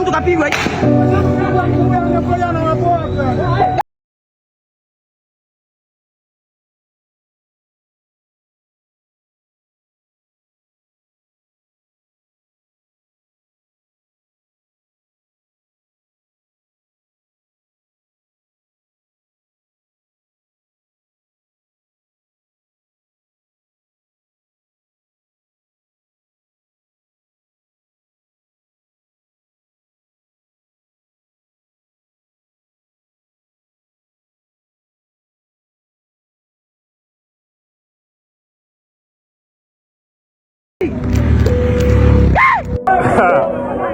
tangu tukapigwa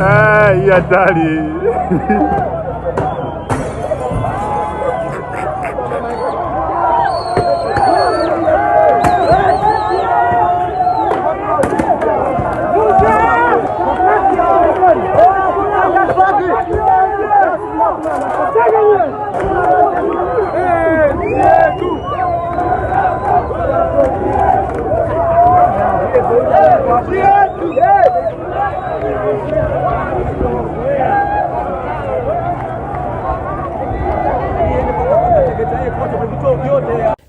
Ai, Atari.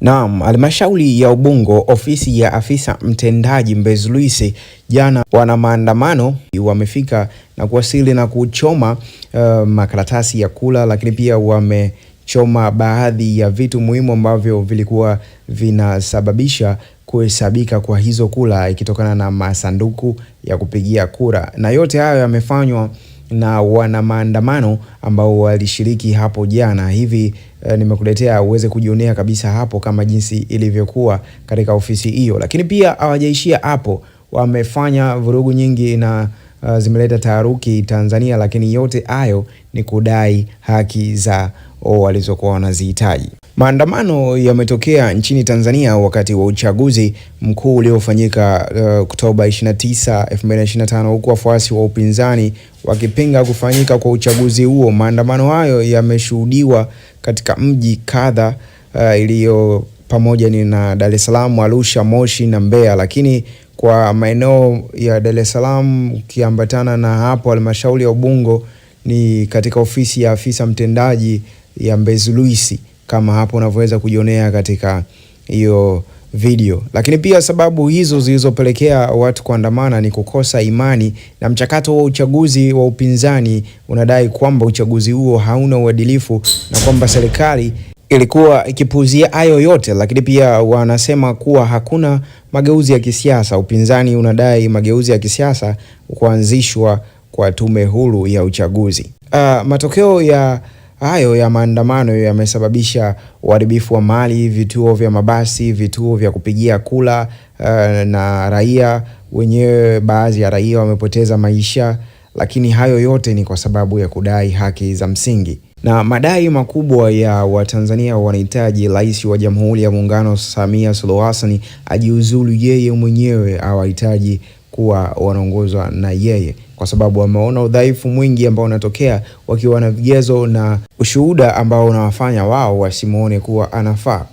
Naam, halmashauri ya Ubungo ofisi ya afisa mtendaji Mbezi Luis jana wana maandamano wamefika na kuwasili na kuchoma uh, makaratasi ya kula, lakini pia wamechoma baadhi ya vitu muhimu ambavyo vilikuwa vinasababisha kuhesabika kwa hizo kura ikitokana na masanduku ya kupigia kura, na yote hayo yamefanywa na wana maandamano ambao walishiriki hapo jana hivi. E, nimekuletea uweze kujionea kabisa hapo kama jinsi ilivyokuwa katika ofisi hiyo, lakini pia hawajaishia hapo, wamefanya vurugu nyingi na uh, zimeleta taharuki Tanzania, lakini yote hayo ni kudai haki za walizokuwa wanazihitaji. Maandamano yametokea nchini Tanzania wakati wa uchaguzi mkuu uliofanyika uh, Oktoba 29, 2025 huku wafuasi wa upinzani wakipinga kufanyika kwa uchaguzi huo. Maandamano hayo yameshuhudiwa katika mji kadha uh, iliyo pamoja ni na Dar es Salaam, Arusha, Moshi na Mbeya, lakini kwa maeneo ya Dar es Salaam ukiambatana na hapo halmashauri ya Ubungo ni katika ofisi ya afisa mtendaji ya Mbezi Luisi kama hapo unavyoweza kujionea katika hiyo video. Lakini pia sababu hizo zilizopelekea watu kuandamana ni kukosa imani na mchakato wa uchaguzi wa upinzani. Unadai kwamba uchaguzi huo hauna uadilifu na kwamba serikali ilikuwa ikipuuzia hayo yote, lakini pia wanasema kuwa hakuna mageuzi ya kisiasa. Upinzani unadai mageuzi ya kisiasa kuanzishwa kwa tume huru ya uchaguzi. Uh, matokeo ya hayo ya maandamano yamesababisha uharibifu wa mali, vituo vya mabasi, vituo vya kupigia kula uh, na raia wenyewe, baadhi ya raia wamepoteza maisha, lakini hayo yote ni kwa sababu ya kudai haki za msingi na madai makubwa ya Watanzania wanahitaji Rais wa Jamhuri ya Muungano Samia Suluhu Hassan ajiuzulu yeye mwenyewe, hawahitaji kuwa wanaongozwa na yeye, kwa sababu wameona udhaifu mwingi ambao unatokea wakiwa na vigezo na ushuhuda ambao unawafanya wao wasimuone kuwa anafaa.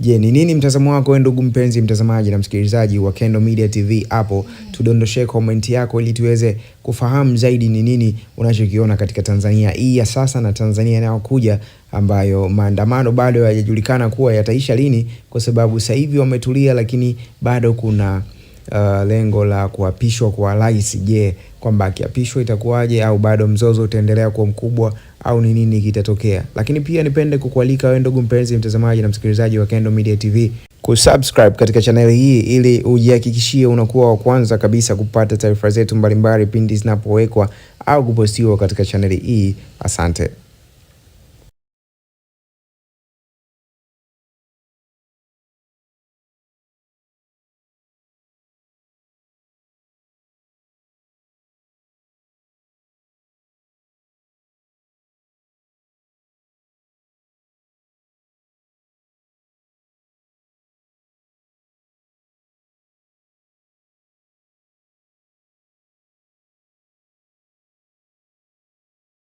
Je, ni nini mtazamo wako wewe ndugu mpenzi mtazamaji na msikilizaji wa Kendo Media TV hapo? tudondoshe komenti yako ili tuweze kufahamu zaidi ni nini unachokiona katika Tanzania hii ya sasa na Tanzania inayokuja ambayo maandamano bado hayajulikana kuwa yataisha lini, kwa sababu sasa hivi wametulia, lakini bado kuna uh, lengo la kuapishwa kwa rais. Je, kwamba akiapishwa itakuwaje, au bado mzozo utaendelea kuwa mkubwa, au ni nini kitatokea? Lakini pia nipende kukualika wewe ndugu mpenzi mtazamaji na msikilizaji wa Kendo Media TV kusubscribe katika chaneli hii ili ujihakikishie unakuwa wa kwanza kabisa kupata taarifa zetu mbalimbali pindi zinapowekwa au kupostiwa katika chaneli hii. Asante.